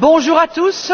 Bonjour à tous.